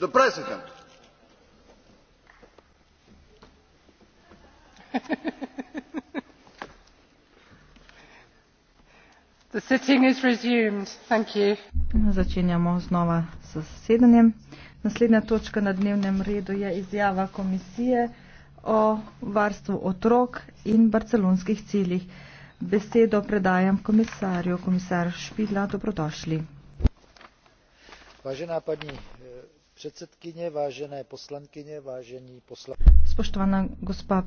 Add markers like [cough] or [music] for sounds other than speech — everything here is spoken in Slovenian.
the president. [laughs] the sitting is resumed. Thank you. Začenjamo znova s sedenjem. Naslednja točka na dnevnem redu je izjava komisije o varstvu otrok in barcelonskih ciljih. Besedo predajam komisarju, komisar Špidla, dobrodošli. Važena pani eh, predsedkyně vážené poslankyně vážení poslanci spoštovana gospa predsednica komisije